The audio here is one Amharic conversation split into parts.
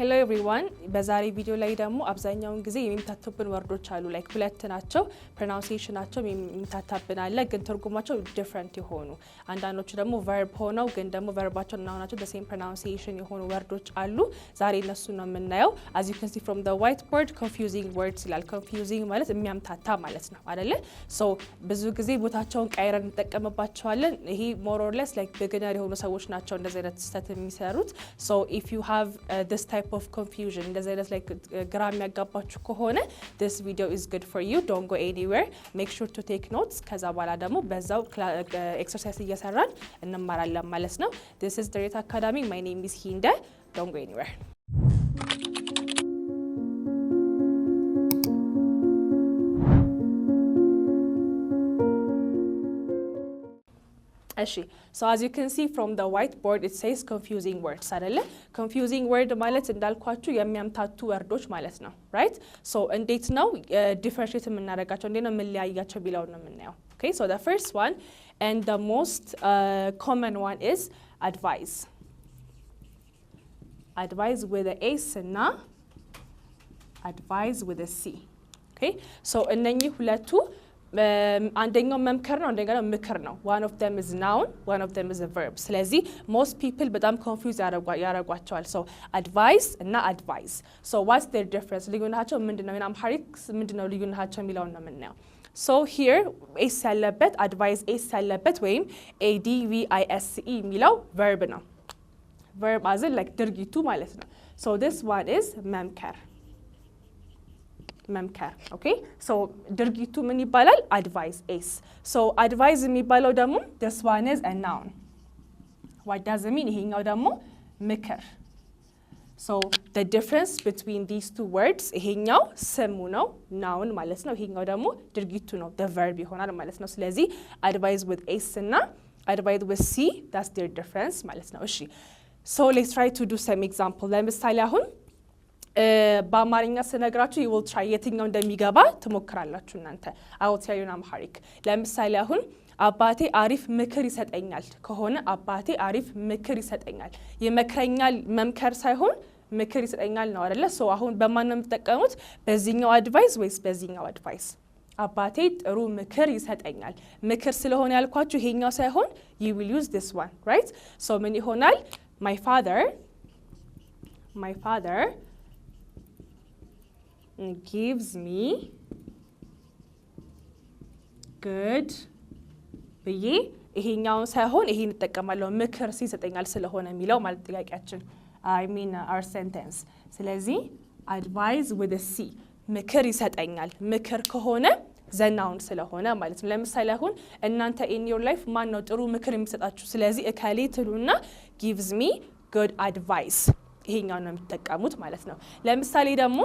ሄሎ ኤቭሪዋን በዛሬ ቪዲዮ ላይ ደግሞ አብዛኛውን ጊዜ የሚምታቱብን ወርዶች አሉ። ላይክ ሁለት ናቸው፣ ፕሮናውንሲሽናቸው የሚምታታብን አለ፣ ግን ትርጉማቸው ዲፍረንት የሆኑ አንዳንዶቹ ደግሞ ቨርብ ሆነው ግን ደግሞ ቨርባቸው እና ሆናቸው ደሴም የሆኑ ወርዶች አሉ። ዛሬ እነሱ ነው የምናየው። አዚ ከን ሲ ፍሮም ዋይት ቦርድ ኮንፊውዚንግ ወርድስ ይላል። ኮንፊውዚንግ ማለት የሚያምታታ ማለት ነው አደለ? ሶ ብዙ ጊዜ ቦታቸውን ቀይረን እንጠቀምባቸዋለን። ይሄ ሞር ኦር ለስ ላይክ ቢግነር የሆኑ ሰዎች ናቸው እንደዚህ አይነት ስህተት የሚሰሩት ሶ ኢፍ ዩ ሃቭ ዲስ ታይፕ ታይፕ ኦፍ ኮንፊውዥን እንደዚህ አይነት ላይ ግራ የሚያጋባችሁ ከሆነ ዲስ ቪዲዮ ኢዝ ጉድ ፎር ዩ ዶንት ጎ ኤኒዌር ሜክ ሹር ቱ ቴክ ኖትስ። ከዛ በኋላ ደግሞ በዛው ኤክሰርሳይዝ እየሰራን እንማራለን ማለት ነው። ዲስ ኢዝ ድሬት አካዳሚ ማይ ኔም ኢዝ ሂንደ ዶንት ጎ ኤኒዌር so as you can see from the whiteboard it says confusing words አይደለ confusing word ማለት እንዳልኳችሁ የሚያምታቱ ወርዶች ማለት ነው right so እንዴት ነው ዲፈርሽት uh, የምናደርጋቸው እንዴት ነው የምንለያያቸው ቢለውን ነው የምናየው okay so the first one and the most uh, common one is advice advice with a s እና advice with c. okay so እነኚህ ሁለቱ Um, አንደኛው መምከር ነው፣ እንደገና ምክር ነው። ዋን ኦፍ ደም ኢዝ ናውን ዋን ኦፍ ደም ኢዝ ቨርብ። ስለዚህ ሞስት ፒፕል በጣም ኮንፊውዝ ያደርጓቸዋል ሶ አድቫይስ እና አድቫይስ ሶ ዋትስ ዴር ዲፍረንስ ልዩነታቸው ምንድነው? ወይም አምሃሪክ ምንድነው ልዩነታቸው የሚለውን ነው የምናየው። ሶ ሂር ኤስ ያለበት አድቫይስ ኤስ ያለበት ወይም ቪ ኤዲቪአይኤስኢ e የሚለው ቨርብ ነው። ቨርብ አዝን ድርጊቱ ማለት ነው። ሶ ዲስ ዋን ኢዝ መምከር መምከር ኦኬ ሶ ድርጊቱ ምን ይባላል አድቫይዝ ኤስ ሶ አድቫይዝ የሚባለው ደግሞ ዲስ ዋን ኢዝ አ ናውን ዋት ዳዝ ሚን ይሄኛው ደግሞ ምክር ሶ ደ ዲፍረንስ ቢትዊን ዲስ ቱ ወርድስ ይሄኛው ስሙ ነው ናውን ማለት ነው ይሄኛው ደግሞ ድርጊቱ ነው ደ ቨርብ ይሆናል ማለት ነው ስለዚህ አድቫይዝ ዊዝ ኤስ እና አድቫይዝ ዊዝ ሲ ዳስ ዴር ዲፍረንስ ማለት ነው እሺ ሶ ሌትስ ትራይ ቱ ዱ ሰም ኤግዛምፕል ለምሳሌ አሁን በአማርኛ ስነግራችሁ ይውል ትራይ የትኛው እንደሚገባ ትሞክራላችሁ እናንተ። አይ ዊል ቴል ዩ አምሃሪክ። ለምሳሌ አሁን አባቴ አሪፍ ምክር ይሰጠኛል ከሆነ አባቴ አሪፍ ምክር ይሰጠኛል፣ ይመክረኛል። መምከር ሳይሆን ምክር ይሰጠኛል ነው አደለ? ሶ አሁን በማን ነው የምትጠቀሙት? በዚህኛው አድቫይስ ወይስ በዚህኛው አድቫይስ? አባቴ ጥሩ ምክር ይሰጠኛል። ምክር ስለሆነ ያልኳችሁ ይሄኛው ሳይሆን ዩ ዊል ዩዝ this ዋን right so ምን ይሆናል? ማይ father ማይ father gives me good ብዬ ይሄኛውን ሳይሆን ይሄን እጠቀማለሁ። ምክር ሲሰጠኛል ስለሆነ የሚለው ማለት ጥያቄያችን አይ ሚን አር ሴንተንስ። ስለዚህ አድቫይዝ ወደ ሲ ምክር ይሰጠኛል። ምክር ከሆነ ዘናውን ስለሆነ ማለት ነው። ለምሳሌ አሁን እናንተ ኢን ዮር ላይፍ ማን ነው ጥሩ ምክር የሚሰጣችሁ? ስለዚህ እከሌ ትሉና ጊቭዝ ሚ ጉድ አድቫይስ ይሄኛውን ነው የሚጠቀሙት ማለት ነው። ለምሳሌ ደግሞ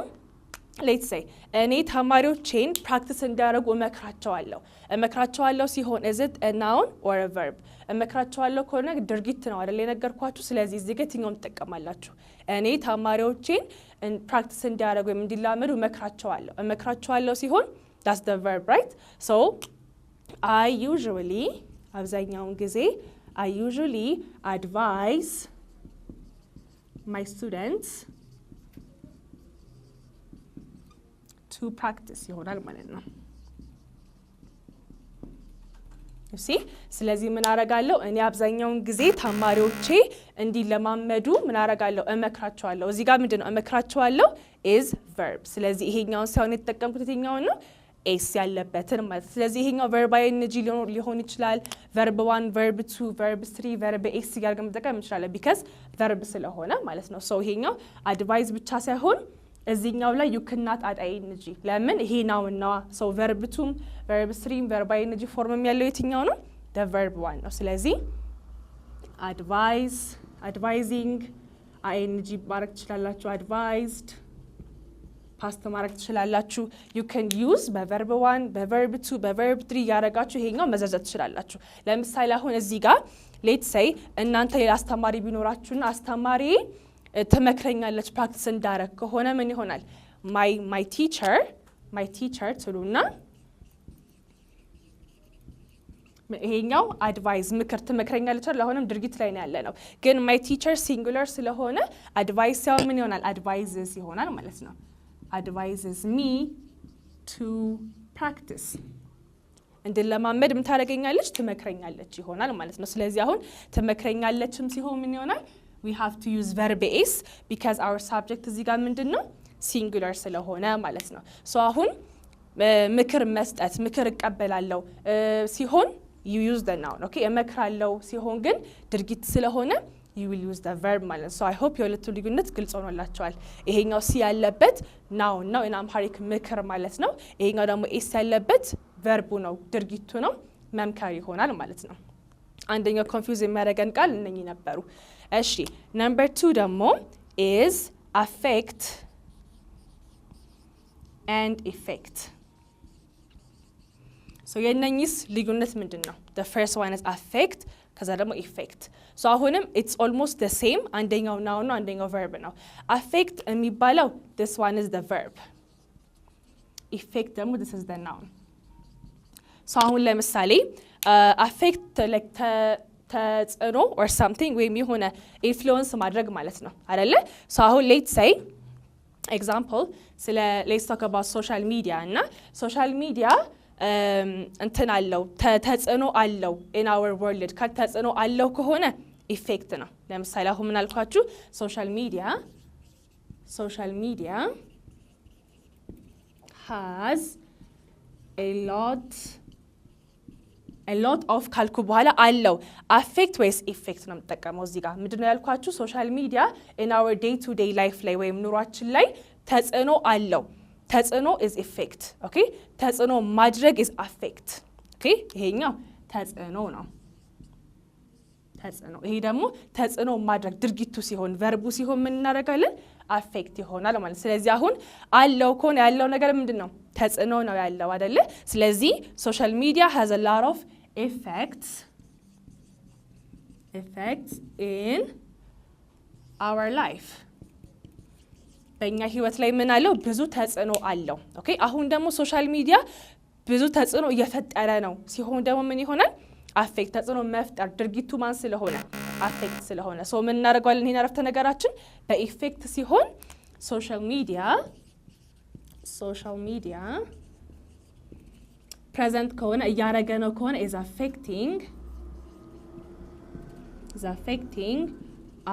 ሌት ሴይ እኔ ተማሪዎቼን ፕራክቲስ እንዲያደርጉ እመክራቸዋለሁ እመክራቸዋለሁ ሲሆን እዝት ናውን ኦር ቨርብ እመክራቸዋለሁ ከሆነ ድርጊት ነው አይደል የነገርኳችሁ። ስለዚህ እዚህ ጋር የትኛውም ትጠቀማላችሁ። እኔ ተማሪዎቼን ፕራክቲስ እንዲያደርጉ ወይም እንዲላመዱ እመክራቸዋለሁ። እመክራቸዋለሁ ሲሆን ዳስ ደ ቨርብ ራይት። ሶ አይ ዩዥዋሊ አብዛኛውን ጊዜ አይ ዩዥዋሊ አድቫይስ ማይ ስቱደንትስ ቱ ፕራክቲስ ይሆናል ማለት ነው። እሺ ስለዚህ ምን አረጋለሁ እኔ አብዛኛውን ጊዜ ተማሪዎቼ እንዲለማመዱ ምን አረጋለሁ እመክራቸዋለሁ። እዚህ ጋር ምንድን ነው እመክራቸዋለሁ ኢዝ ቨርብ። ስለዚህ ይሄኛውን ሳይሆን የተጠቀምኩት የትኛውን ነው ኤስ ያለበትን ማለት ስለዚህ ይሄኛው ቨርብ አይንጂ ሊሆን ይችላል። ቨርብ ዋን፣ ቨርብ ቱ፣ ቨርብ ትሪ፣ ቨርብ ኤስ እያደረግን መጠቀም እንችላለን። ቢከዝ ቨርብ ስለሆነ ማለት ነው። ሰው ይሄኛው አድቫይዝ ብቻ ሳይሆን እዚህኛው ላይ ዩክናት አጣይ ንጂ ለምን ይሄ ናው እና ሰው ቨርብ ቱም ቨርብ ስሪም ቨርብ አይ ኤንጂ ፎርምም ያለው የትኛው ነው? ደ ቨርብ ዋን ነው። ስለዚህ አድቫይዝ አድቫይዚንግ አይ ንጂ ማድረግ ትችላላችሁ። አድቫይዝድ ፓስት ማድረግ ትችላላችሁ። ዩ ከን ዩዝ በቨርብ ዋን በቨርብ ቱ በቨርብ ትሪ እያደረጋችሁ ይሄኛው መዘርዘር ትችላላችሁ። ለምሳሌ አሁን እዚህ ጋር ሌት ሰይ እናንተ ሌላ አስተማሪ ቢኖራችሁና አስተማሪ ትመክረኛለች ፕራክቲስ እንዳረግ ከሆነ ምን ይሆናል? ማይ ማይ ቲቸር ማይ ቲቸር ትሉና ይሄኛው አድቫይዝ ምክር ትመክረኛለች አይደል? አሁንም ድርጊት ላይ ነው ያለ ነው። ግን ማይ ቲቸር ሲንጉለር ስለሆነ አድቫይዝ ሲሆን ምን ይሆናል? አድቫይዝስ ይሆናል ማለት ነው። አድቫይዝስ ሚ ቱ ፕራክቲስ እንድለማመድ ምን ታደርገኛለች? ትመክረኛለች ይሆናል ማለት ነው። ስለዚህ አሁን ትመክረኛለችም ሲሆን ምን ይሆናል? ዊ ሃቭ ቱ ዩዝ ቨርብ ኤስ ቢካዝ አወር ሳብጀክት እዚህ ጋር ምንድን ነው ሲንጉለር ስለሆነ ማለት ነው። ሶ አሁን ምክር መስጠት ምክር እቀበላለው ሲሆን ዩ ዩዝ ደ ናውን ኦኬ። እመክራለሁ ሲሆን ግን ድርጊት ስለሆነ ዩ ዊል ዩዝ ደ ቨርብ ማለት ነው። ሶ አይ ሆፕ የሁለቱ ልዩነት ግልጽ ሆኖላቸዋል። ይሄኛው ሲ ያለበት ናውን ነው ኢንአምሃሪክ ምክር ማለት ነው። ይሄኛው ደግሞ ኤስ ያለበት ቨርቡ ነው ድርጊቱ ነው መምከር ይሆናል ማለት ነው። አንደኛው ኮንፊውዝ የሚያደርገን ቃል እነኚህ ነበሩ። እሺ ነምበር ቱ ደግሞ ኢዝ አፌክት ኤንድ ኢፌክት የእነኚህስ ልዩነት ምንድን ነው? ፈርስት ዋን ኢዝ አፌክት ከዛ ደግሞ ኢፌክት። አሁንም ኢትስ ኦልሞስት ደ ሴም አንደኛው ናውን ነው፣ አንደኛው ቨርብ ነው። አፌክት የሚባለው ዲስ ዋን ኢዝ ደ ቨርብ፣ ኢፌክት ደግሞ ዲስ ኢዝ ደ ናውን። አሁን ለምሳሌ አፌክት ተጽዕኖ ኦር ሳምቲንግ ወይም የሆነ ኢንፍሉወንስ ማድረግ ማለት ነው አደለ? አሁን ሌት ሳይ ኤግዛምፕል ስለ ሌትስ ቶክ ሶሻል ሚዲያ እና ሶሻል ሚዲያ um, እንትን አለው ተጽዕኖ አለው ኢን አወር ወርልድ ተጽዕኖ አለው ከሆነ ኢፌክት ነው። ለምሳሌ አሁን ምን አልኳችሁ? ሶሻል ሚዲያ ሶሻል ሚዲያ ሃዝ ኤ ሎት ሎት ኦፍ ካልኩ በኋላ አለው አፌክት ወይስ ኢፌክት ነው የምጠቀመው። እዚህ ጋር ምንድነው ያልኳችሁ ሶሻል ሚዲያ ኢን አወር ዴይ ቱ ዴይ ላይፍ ላይ ወይም ኑሯችን ላይ ተጽዕኖ አለው። ተጽዕኖ ኢዝ ኢፌክት። ኦኬ ተጽዕኖ ማድረግ ኢዝ አፌክት። ኦኬ ይሄኛው ተጽዕኖ ነው። ተጽዕኖ ይሄ ደግሞ ተጽዕኖ ማድረግ ድርጊቱ ሲሆን ቨርቡ ሲሆን ምን እናደርጋለን? አፌክት ይሆናል ማለት። ስለዚህ አሁን አለው ከሆነ ያለው ነገር ምንድን ነው? ተጽዕኖ ነው ያለው አደለ? ስለዚህ ሶሻል ሚዲያ ሀዝ ላር ኦፍ ኤፌክት ኢን አወር ላይፍ በእኛ ህይወት ላይ ምን አለው? ብዙ ተጽዕኖ አለው። ኦኬ አሁን ደግሞ ሶሻል ሚዲያ ብዙ ተጽዕኖ እየፈጠረ ነው። ሲሆን ደግሞ ምን ይሆናል? አፌክት ተጽዕኖ መፍጠር ድርጊቱ ማን ስለሆነ አፌክት ስለሆነ ሶ ምን እናደርገዋለን? አረፍተ ነገራችን በኢፌክት ሲሆን ሶሻል ሚዲያ ሶሻል ሚዲያ ፕሬዘንት ከሆነ እያረገ ነው ከሆነ ኢዝ አፌክቲንግ ኢዝ አፌክቲንግ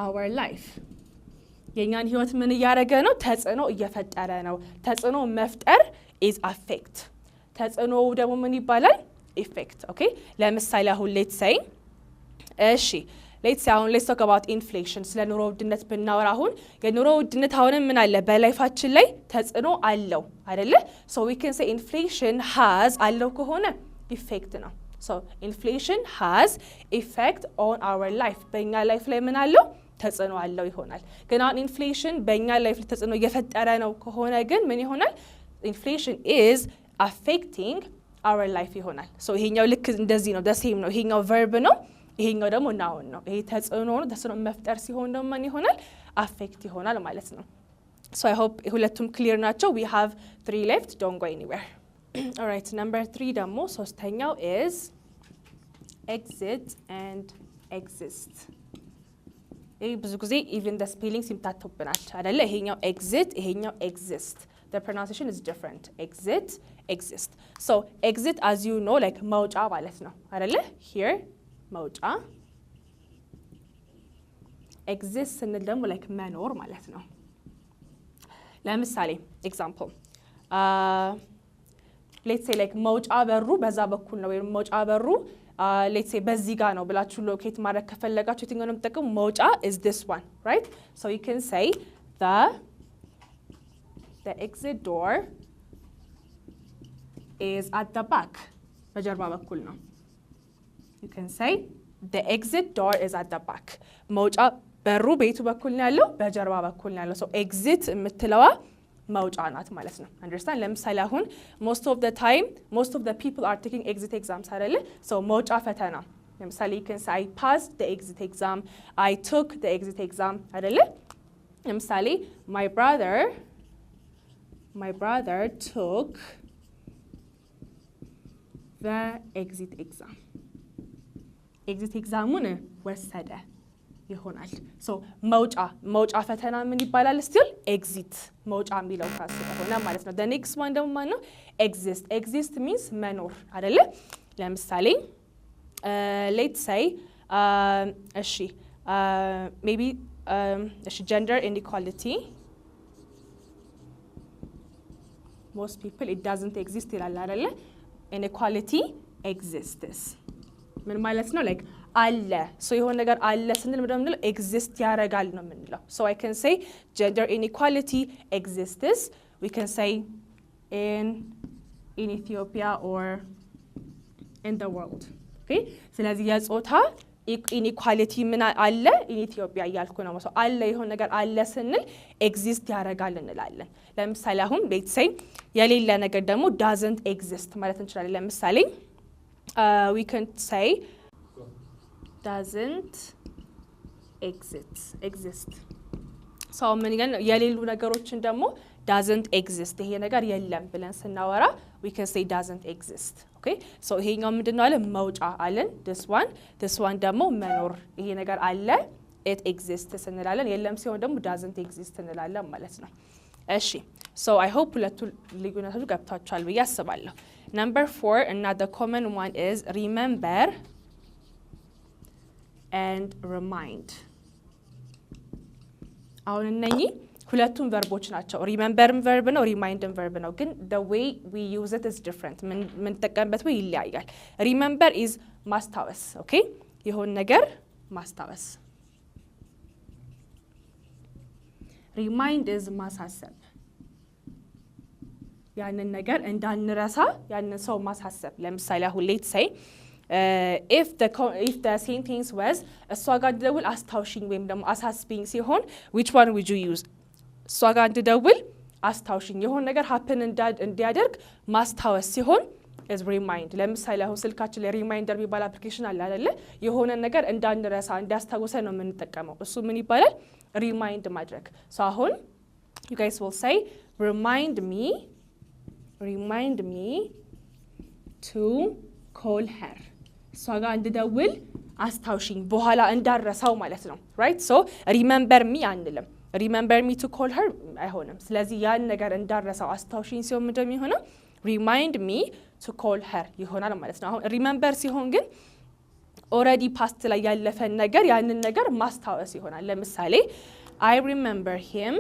አወር ላይፍ የእኛን ህይወት ምን እያደረገ ነው? ተጽዕኖ እየፈጠረ ነው። ተጽዕኖ መፍጠር ኢዝ አፌክት። ተጽዕኖው ደግሞ ምን ይባላል? ኢፌክት። ኦኬ። ለምሳሌ አሁን ሌት ሰይ እሺ ሌት ሳይሆን ሌስ ቶክ አባውት ኢንፍሌሽን ስለ ኑሮ ውድነት ብናወራ አሁን የኑሮ ውድነት አሁንም ምን አለ በላይፋችን ላይ ተጽዕኖ አለው አይደለ? ሶ ዊ ካን ሴ ኢንፍሌሽን ሃዝ አለው ከሆነ ኢፌክት ነው። ሶ ኢንፍሌሽን ሃዝ ኢፌክት ኦን አወር ላይፍ በእኛ ላይፍ ላይ ምን አለው ተጽዕኖ አለው ይሆናል። ግን አሁን ኢንፍሌሽን በእኛ ላይፍ ላይ ተጽዕኖ እየፈጠረ ነው ከሆነ ግን ምን ይሆናል? ኢንፍሌሽን ኢዝ አፌክቲንግ አወር ላይፍ ይሆናል። ሶ ይሄኛው ልክ እንደዚህ ነው፣ ደሴም ነው። ይሄኛው ቨርብ ነው ይሄኛው ደግሞ ናውን ነው። ይሄ ተጽዕኖ ነው። ተጽዕኖ መፍጠር ሲሆን ደግሞ ምን ይሆናል? አፌክት ይሆናል ማለት ነው። ሶ አይ ሆፕ ሁለቱም ክሊር ናቸው። ዊ ሃቭ ትሪ ሌፍት ዶንት ጎ ኤኒዌር ኦራይት ነምበር ትሪ ደግሞ ሶስተኛው ኢዝ ኤግዚት ኤንድ ኤግዚስት። ይህ ብዙ ጊዜ ኢቭን ደ ስፔሊንግስ ይምታቱብናል አይደለ? ይሄኛው ኤግዚት፣ ይሄኛው ኤግዚስት ፕሮናንሴሽን ኢዝ ዲፍረንት። ኤግዚት ኤግዚስት። ሶ ኤግዚት አዝ ዩ ኖ ላይክ መውጫ ማለት ነው አይደለ? ሂር መውጫ ኤግዚስት ስንል ደግሞ ላይክ መኖር ማለት ነው። ለምሳሌ ኤግዛምፕል ሌትሴ ላይክ መውጫ በሩ በዛ በኩል ነው ወይም መውጫ በሩ ሌትሴ uh, በዚህ ጋር ነው ብላችሁ ሎኬት ማድረግ ከፈለጋችሁ የትኛው ነው የምጠቀሙ? መውጫ ኢዝ ዲስ ዋን ራይት ሶ ዩ ካን ሴይ ዘ ኤግዚት ዶር ኢዝ አት ዘ ባክ በጀርባ በኩል ነው። you can say the exit door is at the back. Mocha beru beitu bakul nalo, bejarwa bakul nalo. So exit mitilawa mocha anat malasna. Understand? Lem salahun. Most of the time, most of the people are taking exit exams harale. So mocha fatana. Lem sali, you can say I passed the exit exam. I took the exit exam harale. Lem sali, my brother, my brother took the exit exam. ኤግዚት ኤግዛሙን ወሰደ ይሆናል። ሶ መውጫ መውጫ ፈተና ምን ይባላል? ስቲል ኤግዚት መውጫ የሚለው ካስ ከሆነ ማለት ነው። ኔክስት ዋን ደግሞ ማን ነው? ኤግዚስት ኤግዚስት ሚንስ መኖር አደለ? ለምሳሌ ሌት ሳይ እሺ ሜይ ቢ እሺ ጀንደር ኢንኢኳሊቲ ሞስት ፒፕል ኢት ዳዝንት ኤግዚስት ይላል አደለ? ኢንኢኳሊቲ ኤግዚስትስ ምን ማለት ነው? ላይክ e- አለ የሆነ ነገር አለ ስንል ምንድን ምንለው ኤግዚስት ያደርጋል ነው የምንለው። ሶ አይ ከን ሴይ ጀንደር ኢንኢኳሊቲ ኤግዚስትስ ዊ ከን ሴይ ኢን ኢትዮጵያ ኦር ኢን ዘ ወርልድ። ኦኬ ስለዚህ የጾታ ኢኒኳሊቲ ምን አለ ኢን ኢትዮጵያ እያልኩ ነው። ሰው አለ የሆነ ነገር አለ ስንል ኤግዚስት ያደርጋል እንላለን። ለምሳሌ አሁን ቤተሰይ የሌለ ነገር ደግሞ ዳዝንት ኤግዚስት ማለት እንችላለን። ለምሳሌ uh, we can say doesn't exist exist ሰው ምን ይላል? የሌሉ ነገሮችን ደግሞ ዳዝንት ኤግዚስት ይሄ ነገር የለም ብለን ስናወራ ዊ ከን ሴይ ዳዝንት ኤግዚስት ኦኬ። ሶ ይሄኛው ምንድነው ነው መውጫ አለን። ዲስ ዋን ዲስ ዋን ደግሞ መኖር ይሄ ነገር አለ ኢት ኤግዚስትስ እንላለን። የለም ሲሆን ደግሞ ዳዝንት ኤግዚስት እንላለን ማለት ነው። እሺ ሶ አይ ሆፕ ሁለቱ ልዩነቶች ገብታችኋል ብዬ አስባለሁ። Number four, another common one is remember and remind. አሁን እነኚህ ሁለቱም ቨርቦች ናቸው። ሪመምበርም ቨርብ ነው፣ ሪማይንድም ቨርብ ነው። ግን ደ ዌይ ዊ ዩዝ ኢት ኢዝ ዲፍረንት፣ የምንጠቀምበት ወይ ይለያያል። ሪመምበር ኢዝ ማስታወስ፣ ኦኬ፣ የሆን ነገር ማስታወስ። ሪማይንድ ኢዝ ማሳሰብ ያንን ነገር እንዳንረሳ ያንን ሰው ማሳሰብ። ለምሳሌ አሁን ሌት ሰይ ኢፍ ደ ሴንቴንስ ወዝ እሷ ጋር እንድደውል አስታውሽኝ ወይም ደግሞ አሳስቢኝ ሲሆን ዊች ዋን ዊድ ዩ ዩዝ? እሷ ጋር እንድደውል አስታውሽኝ፣ የሆን ነገር ሀፕን እንዲያደርግ ማስታወስ ሲሆን ኢዝ ሪማይንድ። ለምሳሌ አሁን ስልካችን ላይ ሪማይንደር የሚባል አፕሊኬሽን አለ አይደለ? የሆነ ነገር እንዳንረሳ እንዲያስታውሰ ነው የምንጠቀመው። እሱ ምን ይባላል? ሪማይንድ ማድረግ። አሁን ዩ ጋይስ ዊል ሪማይንድ ሚ ሪማይንድ ሚ ቱ ኮል ሄር እሷ ጋር እንድደውል አስታውሽኝ በኋላ እንዳረሳው ማለት ነው። ራይት ሶ ሪመምበር ሚ አንልም። ሪመምበር ሚ ቱ ኮል ሄር አይሆንም። ስለዚህ ያን ነገር እንዳረሳው አስታውሽኝ ሲሆን ምንድን የሚሆነው? ሪማይንድ ሚ ቱ ኮል ሄር ይሆናል ማለት ነው። አሁን ሪመምበር ሲሆን ግን ኦልሬዲ ፓስት ላይ ያለፈን ነገር ያንን ነገር ማስታወስ ይሆናል። ለምሳሌ አይ ሪመምበር ሂም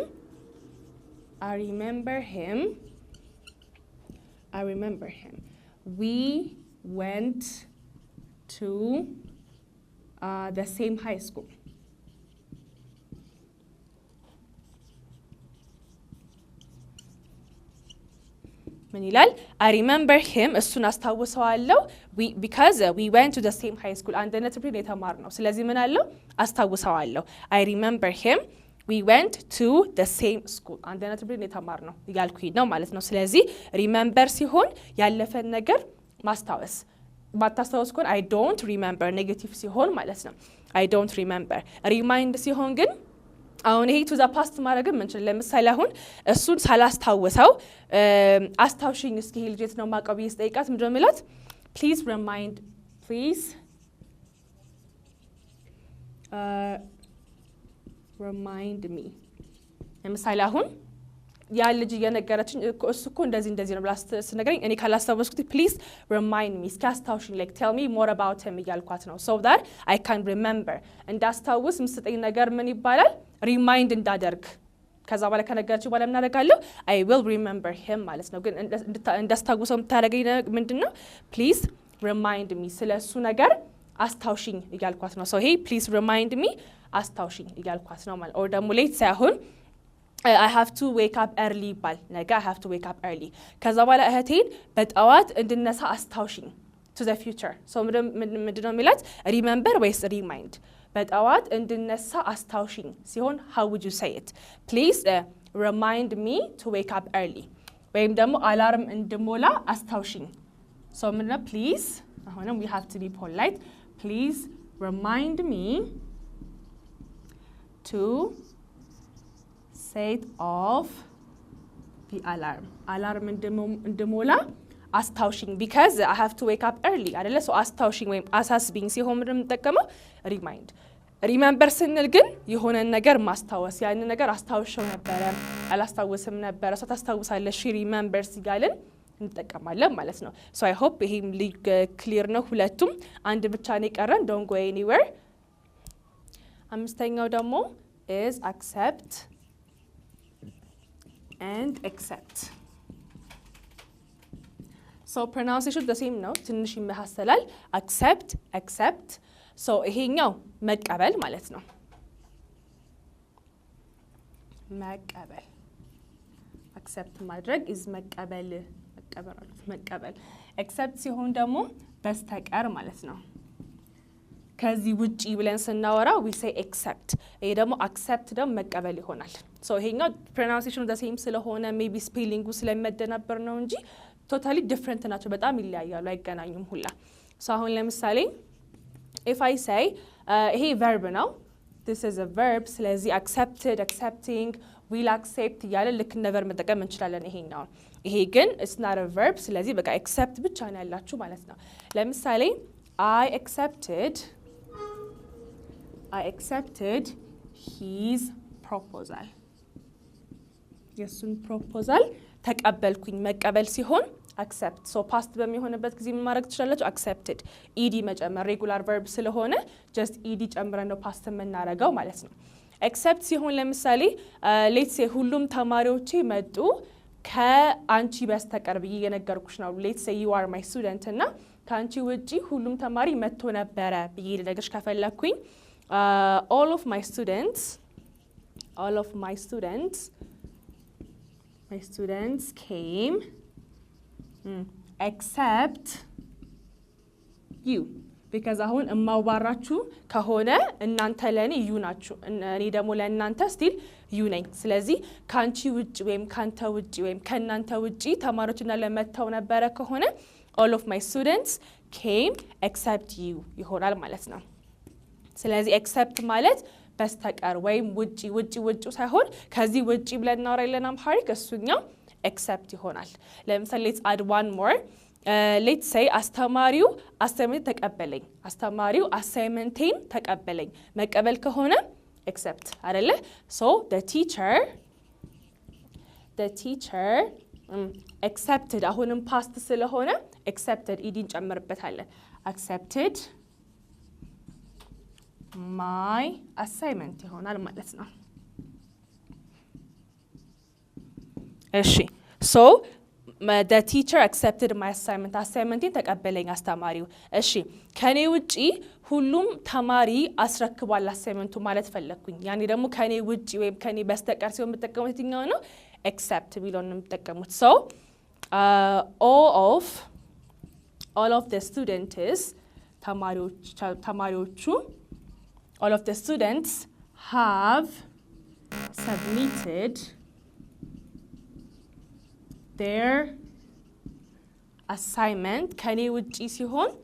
አይ ሪመምበር ሂም I remember him. We went to uh, the same high school. ምን ይላል አይ ሪመምበር ሂም እሱን አስታውሰዋለሁ ቢካዝ ዊ ወንት ቱ ደ ሴም ሃይ ስኩል አንድ አይነት ዲሲፕሊን የተማር ነው ስለዚህ ምን አለው አስታውሰዋለሁ አይ ሪመምበር ሂም ዊ ወንት ቱ ደ ሴም ስኩል አንድ አይነት ብሬን የተማር ነው እያልኩኝ ነው ማለት ነው። ስለዚህ ሪመምበር ሲሆን ያለፈን ነገር ማስታወስ ማታስታወስ ከሆን አይ ዶንት ሪመምበር ኔጌቲቭ ሲሆን ማለት ነው። አይ ዶንት ሪመምበር ሪማይንድ ሲሆን ግን አሁን ይሄ ቱ ዘ ፓስት ማድረግም እንችል። ለምሳሌ አሁን እሱን ሳላስታውሰው አስታውሽኝ እስኪ ይሄ ልጄት ነው ማቀብ ስጠይቃት ምንድን ነው የሚላት? ፕሊዝ ሪማይንድ ፕሊዝ ሪማይንድ ሚ ለምሳሌ አሁን ያ ልጅ እየነገረችኝ እሱ እኮ እንደዚህ እንደዚህ ነው ብላ ስነገረኝ እኔ ካላስታወስኩት ፕሊዝ ሪማይንድ ሚ እስኪ አስታውሽኝ ላይክ ቴል ሚ ሞር አባውት ሂም እያልኳት ነው ሶ ዳት አይ ካን ሪመምበር እንዳስታውስ ምስጠኝ ነገር ምን ይባላል ሪማይንድ እንዳደርግ ከዛ በኋላ ከነገረች በኋላ የምናደርጋለሁ አይ ዊል ሪመምበር ሂም ማለት ነው። ግን እንዳስታውሰው የምታደርገኝ ምንድን ነው? ፕሊዝ ሪማይንድ ሚ ስለ እሱ ነገር አስታውሽኝ እያልኳት ነው። ሰው ይሄ ፕሊዝ ሪማይንድ ሚ አስታውሽኝ እያልኳት ነው ማለት ኦር ደግሞ ሌት ሳይሆን አይ ሀቭ ቱ ዌክ አፕ ኤርሊ ይባል ነገ አይ ሀቭ ቱ ዌክ አፕ ኤርሊ። ከዛ በኋላ እህቴን በጠዋት እንድነሳ አስታውሽኝ ቱ ዘ ፊውቸር ሶ ምንድን ነው የሚላት ሪመምበር ወይስ ሪማይንድ? በጠዋት እንድነሳ አስታውሽኝ ሲሆን ሀው ውድ ዩ ሰይት ፕሊዝ ሪማይንድ ሚ ቱ ዌክ አፕ ኤርሊ ወይም ደግሞ አላርም እንድሞላ አስታውሽኝ። ሶ ምንድነው ፕሊዝ አሁንም ዊ ሀቭ ቱ ቢ ፖላይት ፕሊዝ ሪማይንድ ሚ to set off the alarm አላርም እንድሞላ አስታውሽኝ ቢካዝ አይ ሃቭ ቱ ዌክ አፕ ኤርሊ አይደለ ሰው አስታውሽኝ ወይም አሳስቢኝ ሲሆን የምጠቀመው ሪማይንድ ሪመምበር ስንል ግን የሆነን ነገር ማስታወስ ያንን ነገር አስታውሸው ነበረ አላስታውስም ነበረ ሰው ታስታውሳለሽ ሺ ሪመምበርስ እያልን እንጠቀማለን ማለት ነው ሶ አይ ሆፕ ይሄም ሊግ ክሊር ነው ሁለቱም አንድ ብቻ ነው የቀረን ዶንት ጎ ኤኒዌር አምስተኛው ደግሞ ኢዝ አክሰፕት ኤንድ ኤክሰፕት ሶ ፕሮናውንሴሽን ዘሴም ነው፣ ትንሽ ይመሳሰላል። አክሰፕት ኤክሰፕት። ሶ ይሄኛው መቀበል ማለት ነው። መቀበል አክሰፕት ማድረግ ኢዝ መቀበል መቀበል ኤክሰፕት ሲሆን ደግሞ በስተቀር ማለት ነው። ከዚህ ውጪ ብለን ስናወራ ዊ ሴይ ኤክሰፕት። ይሄ ደግሞ አክሰፕት ደግሞ መቀበል ይሆናል። ይሄኛው ፕሮናንሴሽኑ ዘሴም ስለሆነ ሜቢ ስፔሊንጉ ስለሚመደናበር ነው እንጂ ቶታሊ ዲፍረንት ናቸው። በጣም ይለያያሉ፣ አይገናኙም ሁላ። አሁን ለምሳሌ ኢፍ አይ ሳይ ይሄ ቨርብ ነው ስ ቨርብ። ስለዚህ አክሰፕትድ አክሰፕቲንግ ዊል አክሴፕት እያለ ልክ እንደ ቨርብ መጠቀም እንችላለን ይሄኛውን። ይሄ ግን እስናት ቨርብ፣ ስለዚህ በቃ ኤክሰፕት ብቻ ነው ያላችሁ ማለት ነው። ለምሳሌ አይ ኤክሰፕትድ I accepted ሂዝ ፕሮፖዛል የእሱን ፕሮፖዛል ተቀበልኩኝ። መቀበል ሲሆን አክሰፕት ሶ ፓስት በሚሆንበት ጊዜ ምን ማድረግ ትችላላችሁ? አክሰፕትድ ኢዲ መጨመር ሬጉላር ቨርብ ስለሆነ ጀስት ኢዲ ጨምረን ነው ፓስት የምናደርገው ማለት ነው። ኤክሰፕት ሲሆን ለምሳሌ ሌትሴ uh, ሁሉም ተማሪዎቼ መጡ ከአንቺ በስተቀር ብዬ የነገርኩሽ ነው። ሌትሴ ዩ አር ማይ ስቱደንት እና ከአንቺ ውጪ ሁሉም ተማሪ መጥቶ ነበረ ብዬ ልነግርሽ ከፈለግኩኝ uh, all of my students, all of my students, my students came, mm, except you. ቢካዝ አሁን የማዋራችሁ ከሆነ እናንተ ለእኔ ዩ ናችሁ፣ እኔ ደግሞ ለእናንተ ስቲል ዩ ነኝ። ስለዚህ ከአንቺ ውጭ ወይም ከአንተ ውጭ ወይም ከእናንተ ውጭ ተማሪዎችና ለመተው ነበረ ከሆነ ኦል ኦፍ ማይ ስቱደንትስ ኬም ኤክሰፕት ዩ ይሆናል ማለት ነው። ስለዚህ ኤክሰፕት ማለት በስተቀር ወይም ውጪ ውጪ ውጪ ሳይሆን ከዚህ ውጪ ብለን እናወራ የለን አምሃሪክ እሱኛው ኤክሰፕት ይሆናል። ለምሳሌ ሌትስ አድ ዋን ሞር ሌት ሰይ አስተማሪው አሳይመንት ተቀበለኝ። አስተማሪው አሳይመንቴን ተቀበለኝ። መቀበል ከሆነ ኤክሰፕት አደለ? ሶ ቲቸር ቲቸር ኤክሰፕትድ አሁንም ፓስት ስለሆነ ኤክሰፕትድ ኢዲን ጨምርበታለን። አክሰፕትድ ማይ አሳይመንት ይሆናል ማለት ነው። እሺ ሶ ቲቸር አክሰፕትድ ማይ አሳይመንት አሳይመንቴን ተቀበለኝ አስተማሪው። እሺ ከኔ ውጪ ሁሉም ተማሪ አስረክቧል አሳይመንቱ ማለት ፈለግኩኝ። ያኔ ደግሞ ከኔ ውጪ ወይም ከኔ በስተቀር ሲሆን የምጠቀሙት የትኛው ነው? ኤክሰፕት የሚለውን ነው የምጠቀሙት። ሶ ኦል ኦፍ ዘ ስቱደንትስ ተማሪዎቹ all of the students have submitted their assignment. Can you would easy home?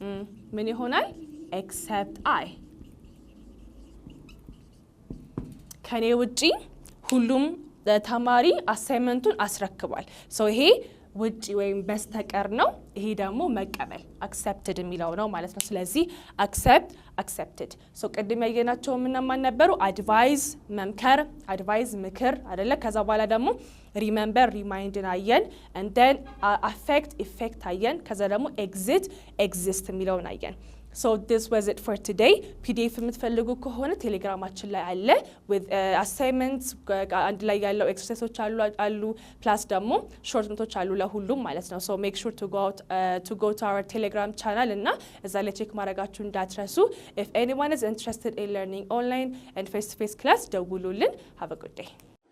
Mm, many honai? Except I. Can you would Hulum the Tamari assignment to Asrakabal? So he ውጪ ወይም በስተቀር ነው። ይሄ ደግሞ መቀበል አክሰፕትድ የሚለው ነው ማለት ነው። ስለዚህ አክሰፕት አክሰፕትድ። ሶ ቅድም ያየናቸው ምናማን ነበሩ? አድቫይዝ መምከር፣ አድቫይዝ ምክር አደለ። ከዛ በኋላ ደግሞ ሪመምበር ሪማይንድን አየን፣ እንደን አፌክት ኢፌክት አየን። ከዛ ደግሞ ኤግዚት ኤግዚስት የሚለውን አየን። ሶ ዲስ ዋዝ ኢት ፎር ቱዴይ። ፒዲኤፍ የምትፈልጉ ከሆነ ቴሌግራማችን ላይ አለ። አሳይመንትስ uh, uh, አንድ ላይ ያለው ኤክሰርሳይሶች አሉ። ፕላስ ደግሞ ሾርት ኖቶች አሉ ለሁሉም ማለት ነው። ሶ ሜክ ሹር ቱ ጎ ቱ አወር ቴሌግራም ቻናል እና እዛ ላይ ቼክ ማድረጋችሁ እንዳትረሱ። ኢፍ ኤኒዋን ኢዝ ኢንትረስትድ ኢን ለርኒንግ ኦንላይን ኤንድ ፌስ ቱ ፌስ ክላስ ደውሉልን። ሀበ ጉዳይ